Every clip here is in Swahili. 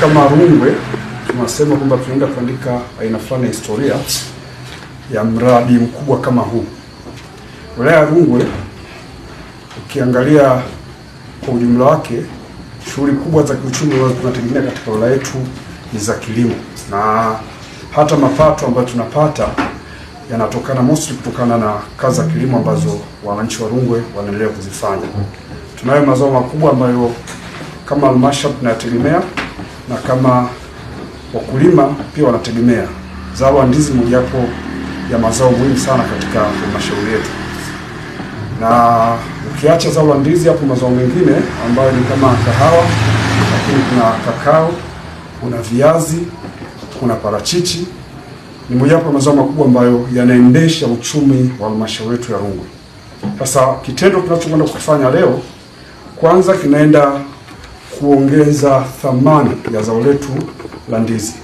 kama Rungwe tunasema kwamba tunaenda kuandika aina fulani ya historia ya mradi mkubwa kama huu. Wilaya ya Rungwe ukiangalia kwa ujumla wake, shughuli kubwa za kiuchumi ambazo tunategemea katika wilaya yetu ni za kilimo, na hata mapato ambayo tunapata yanatokana mostly kutokana na kazi za kilimo ambazo wananchi wa Rungwe wanaendelea kuzifanya. Tunayo mazao makubwa ambayo kama halmashauri tunayategemea na kama wakulima pia wanategemea zao la ndizi, mojawapo ya mazao muhimu sana katika halmashauri yetu, na ukiacha zao la ndizi, hapo mazao mengine ambayo ni kama kahawa, lakini kuna kakao, kuna viazi, kuna parachichi ni mojawapo ya mazao makubwa ambayo yanaendesha uchumi wa halmashauri yetu ya Rungwe. Sasa kitendo tunachokwenda kukifanya leo, kwanza kinaenda kuongeza thamani ya zao letu la ndizi.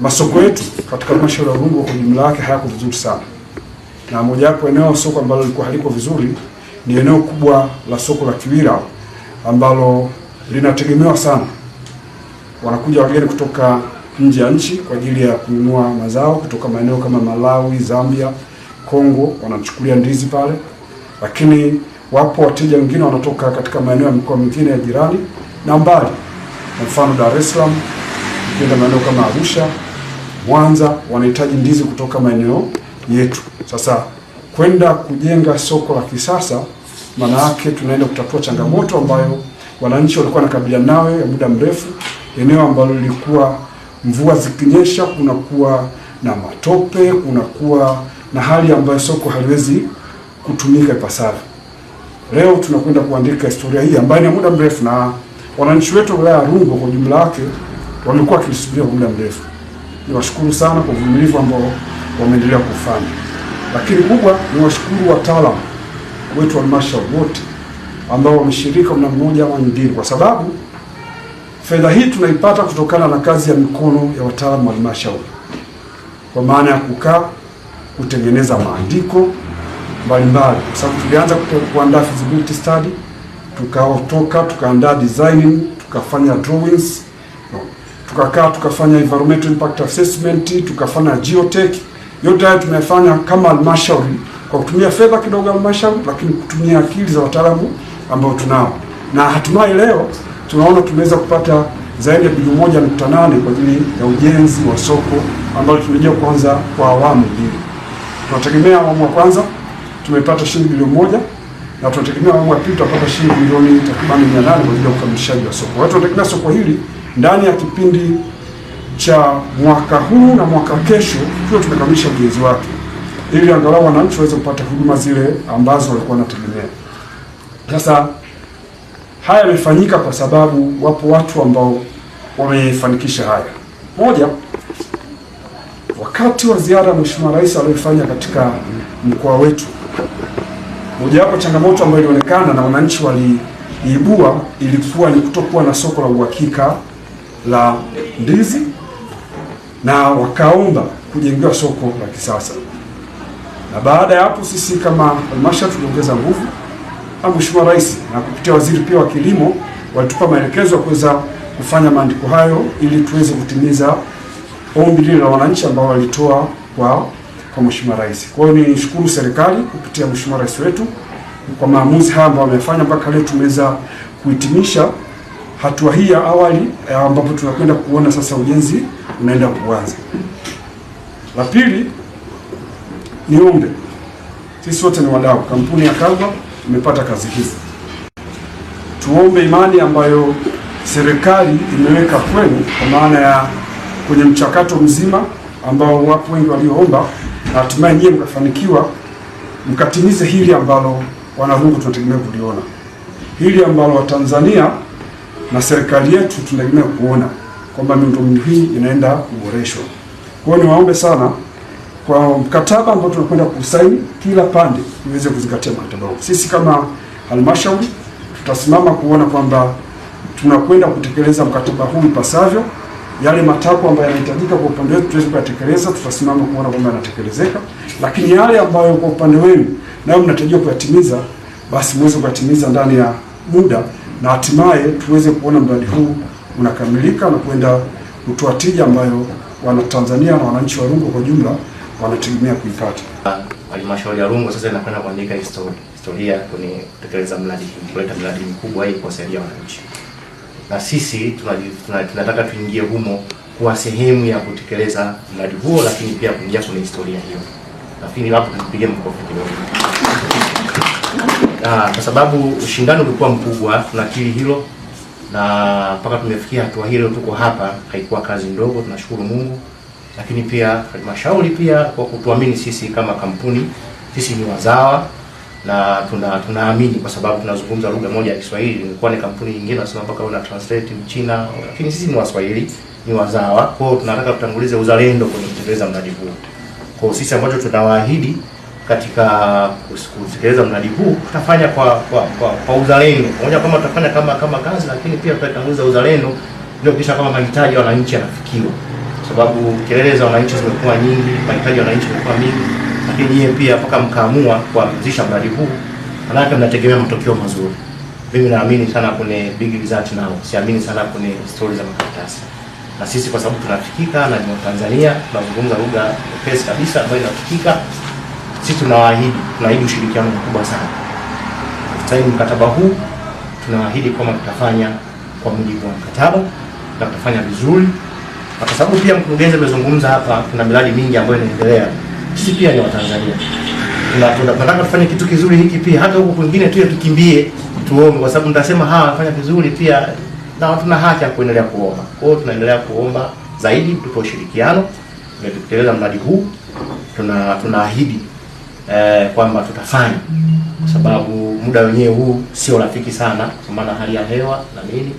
Masoko yetu katika halmashauri ya Ubungo kwa jumla yake hayako vizuri sana, na mojawapo eneo soko ambalo lilikuwa haliko vizuri ni eneo kubwa la soko la Kiwira ambalo linategemewa sana, wanakuja wageni kutoka nje ya nchi kwa ajili ya kununua mazao kutoka maeneo kama Malawi, Zambia, Kongo, wanachukulia ndizi pale, lakini Wapo wateja wengine wanatoka katika maeneo ya mikoa mingine ya jirani na mbali, kwa mfano Dar es Salaam, ukienda maeneo kama Arusha, Mwanza, wanahitaji ndizi kutoka maeneo yetu. Sasa kwenda kujenga soko la kisasa, maana yake tunaenda kutatua changamoto ambayo wananchi walikuwa wanakabiliana nayo ya muda mrefu, eneo ambalo lilikuwa mvua zikinyesha kunakuwa na matope, kunakuwa na hali ambayo soko haliwezi kutumika ipasavyo. Leo tunakwenda kuandika historia hii ambayo ni muda mrefu, na wananchi wetu wa wilaya ya Rungwe kwa jumla yake walikuwa wakisubiria kwa muda mrefu. Niwashukuru sana kwa uvumilivu ambao wameendelea kufanya, lakini kubwa ni washukuru wataalamu wetu wa halmashauri wote ambao wameshirika mna mmoja moja ama nyingine, kwa sababu fedha hii tunaipata kutokana na kazi ya mikono ya wataalamu wa halmashauri, kwa maana ya kukaa kutengeneza maandiko mbalimbali, kwa sababu tulianza kuandaa feasibility study, tukatoka tukaandaa designing, tukafanya drawings, tukakaa tukafanya environmental impact assessment, tukafanya geotech. Yote haya tumefanya kama halmashauri kwa kutumia fedha kidogo halmashauri, lakini kutumia akili za wataalamu ambao tunao, na hatimaye leo tunaona tumeweza kupata zaidi ya bilioni moja nukta nane kwa ajili ya ujenzi wa soko ambalo tumejia kwanza kwa awamu mbili. Tunategemea awamu ya kwanza tumepata shilingi milioni moja na tunategemea awamu ya pili tutapata shilingi milioni takribani 800 kwa ajili ya ukamilishaji wa soko. Watu wanategemea soko hili ndani ya kipindi cha mwaka huu na mwaka kesho tuwe tumekamilisha ujenzi wake ili angalau wananchi waweze kupata huduma zile ambazo walikuwa wanategemea. Sasa haya yamefanyika kwa sababu wapo watu ambao wamefanikisha haya. Moja, wakati wa ziara ya Mheshimiwa Rais aliyofanya katika mkoa wetu Mojawapo changamoto ambayo ilionekana na wananchi waliibua ilikuwa ni kutokuwa na soko la uhakika la ndizi, na wakaomba kujengewa soko la kisasa. Na baada ya hapo sisi kama halmashauri tuliongeza nguvu na Mheshimiwa Rais na kupitia waziri pia wa kilimo walitupa maelekezo ya kuweza kufanya maandiko hayo ili tuweze kutimiza ombi lile la wananchi ambao walitoa kwa kwa Mheshimiwa Rais. Kwa hiyo nishukuru serikali kupitia Mheshimiwa Rais wetu kwa maamuzi haya ambayo wamefanya mpaka leo tumeweza kuhitimisha hatua hii ya awali eh, ambapo tunakwenda kuona sasa ujenzi unaenda kuanza. La pili, niombe sisi wote ni wadau, kampuni ya Kalva imepata kazi hizi, tuombe imani ambayo serikali imeweka kwenu, kwa maana ya kwenye mchakato mzima ambao wapo wengi walioomba na hatimaye nyie mkafanikiwa mkatimize hili ambalo wanarungu tunategemea kuliona, hili ambalo Watanzania na serikali yetu tunategemea kuona kwamba miundombinu hii inaenda kuboreshwa. Kwa hiyo niwaombe sana kwa mkataba ambao tunakwenda kusaini, kila pande iweze kuzingatia mkataba huu. Sisi kama halmashauri tutasimama kuona kwamba tunakwenda kutekeleza mkataba huu ipasavyo yale matakwa ambayo yanahitajika kwa upande wetu tuweze kuyatekeleza, tutasimama kuona kwamba yanatekelezeka, lakini yale ambayo kwa upande wenu nayo mnatarajia kuyatimiza, basi muweze kuyatimiza ndani ya muda na hatimaye tuweze kuona mradi huu unakamilika na kwenda kutoa tija ambayo Wanatanzania na wananchi wa Rungwe kwa jumla wanategemea kuipata. Halmashauri ya Rungwe sasa inakwenda kuandika historia kwenye kutekeleza mradi kuleta mradi mkubwa hii kuwasaidia wananchi na sisi tunataka tuingie humo kuwa sehemu ya kutekeleza mradi huo, lakini pia kuingia kwenye historia hiyo. Lakini hapo tupige mkofi kidogo kwa sababu ushindani ulikuwa mkubwa, tunakiri hilo, na mpaka tumefikia hatua hilo tuko hapa, haikuwa kazi ndogo. Tunashukuru Mungu, lakini pia halmashauri pia kwa kutuamini sisi kama kampuni, sisi ni wazawa na tuna tunaamini kwa sababu tunazungumza lugha moja ya Kiswahili. Ilikuwa ni kampuni nyingine nasema mpaka una translate Mchina, lakini sisi ni Waswahili, ni wazawa. Kwa hiyo tunataka tutangulize uzalendo kwenye kutekeleza mradi huu. Kwa sisi ambacho tunawaahidi katika kutekeleza mradi huu tutafanya kwa kwa, kwa, kwa uzalendo moja, kama tutafanya kama kama kazi, lakini pia tutatanguliza uzalendo ndio kisha kama mahitaji ya wananchi yanafikiwa, sababu kelele za wananchi zimekuwa nyingi, mahitaji ya wananchi yamekuwa mingi lakini yeye pia mpaka mkaamua kuanzisha mradi huu, manake mnategemea matokeo mazuri. Mimi naamini sana kwenye big result nao, siamini sana kwenye stori za makaratasi, na sisi kwa sababu tunafikika na ni Tanzania tunazungumza lugha nyepesi kabisa ambayo inafikika. Sisi tunawaahidi, tunaahidi ushirikiano mkubwa sana. Saini mkataba huu, tunaahidi kwamba tutafanya kwa mujibu wa mkataba na tutafanya vizuri, na kwa sababu pia mkurugenzi amezungumza hapa, kuna miradi mingi ambayo inaendelea sisi pia ni Watanzania na tunataka tufanye kitu kizuri hiki pia, hata huko kwingine tu tukimbie tuombe, kwa sababu nitasema hawa ah, wanafanya vizuri pia, na hatuna haki ya kuendelea kuomba. Kwa hiyo tunaendelea kuomba zaidi, tupe ushirikiano tunatekeleza mradi huu, tuna tunaahidi eh, kwamba tutafanya, kwa sababu muda wenyewe huu sio rafiki sana, kwa maana hali ya hewa na nini.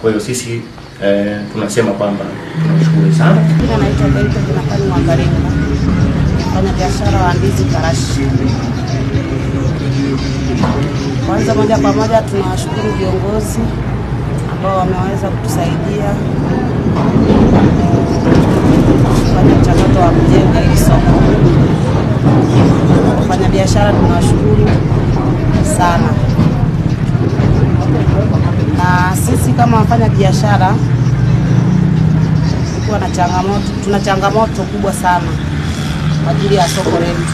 Kwa hiyo sisi eh, tunasema kwamba tunashukuru sana. Naitwa tunafanya wafanyabiashara wa ndizi Karashi. Kwanza moja kwa moja tunawashukuru viongozi ambao wameweza kutusaidia kufanya mchakato wa kujenga hili soko. Wafanyabiashara tunawashukuru sana, na sisi kama wafanya biashara tuna changamoto, tuna changamoto kubwa sana kwa ajili ya soko letu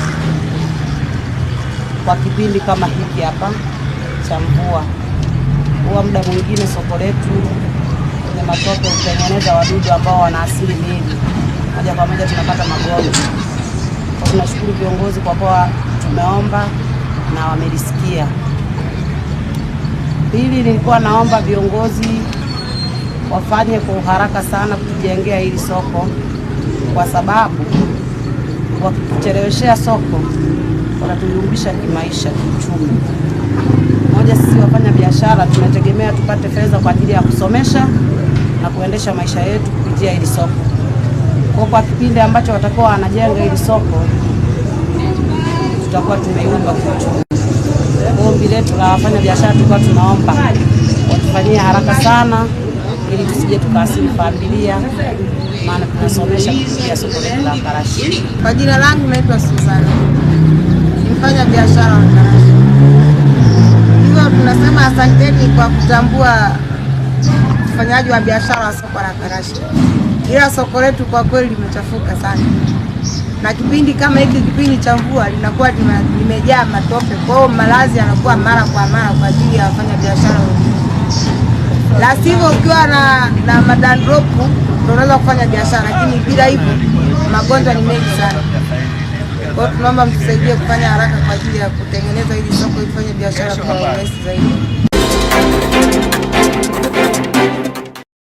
kwa kipindi kama hiki hapa cha mvua. Huwa muda mwingine soko letu kwenye matope hutengeneza wadudu ambao wanaasili miili moja kwa moja, tunapata magonjwa. Kwa tunashukuru viongozi kwa kuwa tumeomba na wamelisikia. Pili, nilikuwa naomba viongozi wafanye kwa uharaka sana kutujengea hili soko kwa sababu kuchereweshea soko wanatuyumbisha kimaisha, kiuchumi. Moja, sisi wafanya biashara tunategemea tupate fedha kwa ajili ya kusomesha na kuendesha maisha yetu kupitia hili soko. Kwa kwa kipindi ambacho watakuwa wanajenga hili soko tutakuwa tumeiumba kiuchumi. Ombi letu la wafanya biashara tulikuwa tunaomba watufanyie haraka sana, ili tusije tukaasiri familia maana tunasomesha kupitia soko letu la parachichi. Kwa jina langu naitwa Suzana, nimfanya biashara wa parachichi. Hivyo tunasema asanteni kwa kutambua ufanyaji wa biashara wa soko la parachichi, ila soko letu kwa kweli limechafuka sana, na kipindi kama hiki, kipindi cha mvua, linakuwa limejaa matope. Kwa hiyo malazi yanakuwa mara kwa mara kwa ajili ya wafanya biashara wengine, la sivyo ukiwa na, na madandropu ndio unaweza kufanya biashara, lakini bila hivyo magonjwa ni mengi sana. Kwa hiyo tunaomba mtusaidie kufanya haraka kwa ajili ya kutengeneza hili soko ifanye biashara kwa urahisi zaidi.